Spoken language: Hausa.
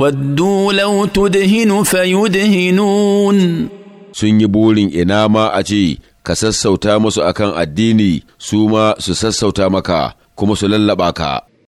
waddu lau tudhinu fayudhinun sun yi burin ina ma a ce ka sassauta musu akan addini su ma su sassauta maka kuma su lallaba ka